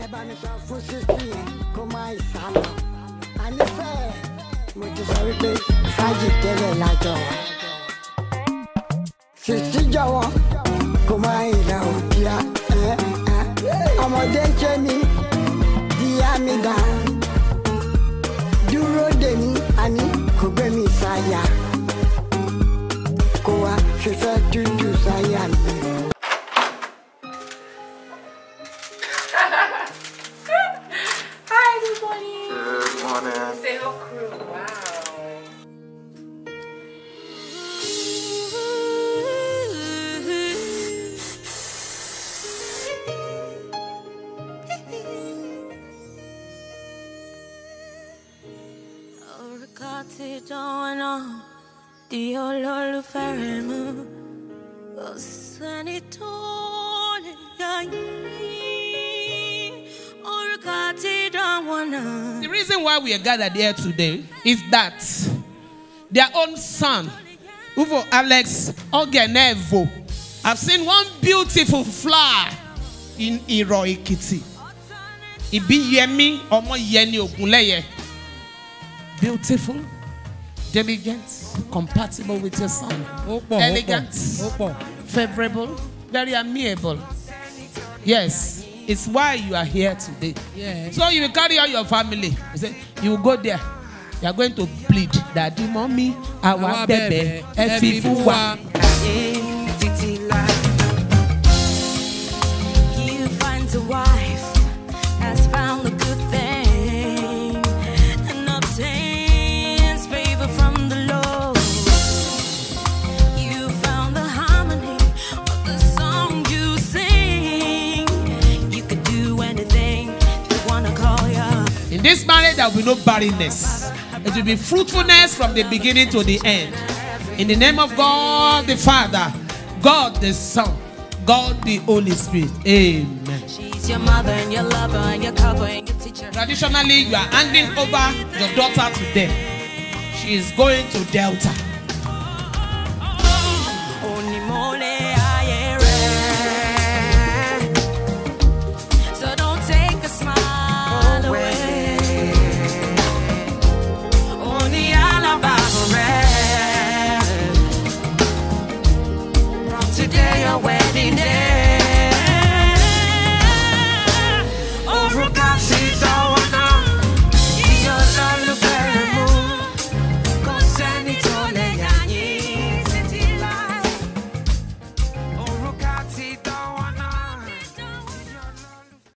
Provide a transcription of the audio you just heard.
ẹ bá mi sọ fún sísì yẹn kó má ìsàlọ ànífẹ́ mo ti sọ wípé fájì tẹ́lẹ̀ lájọ wa sísì jọ̀wọ́ kó má ìlà òkìá ọmọdé ń ṣe mi díá mi dáa. Hi, good morning. Good morning. Say hello, crew. Wow. on of Oh, The reason why we are gathered here today is that their own son, Uvo Alex Ogenevo, I've seen one beautiful flower in Iro Ikiti. yemi Omo Yeni Ogunleye. Beautiful, diligent, compatible with your son, elegant, favorable, very amiable. Yes. It's why you are here today. Yeah. So you will carry out your family. You say you will go there. You are going to plead, Daddy, mommy, our, our baby, baby, baby, baby, baby, baby, baby, baby, baby, baby In this marriage, there will be no barrenness. It will be fruitfulness from the beginning to the end. In the name of God the Father, God the Son, God the Holy Spirit. Amen. Traditionally, you are handing over your daughter to them. She is going to Delta.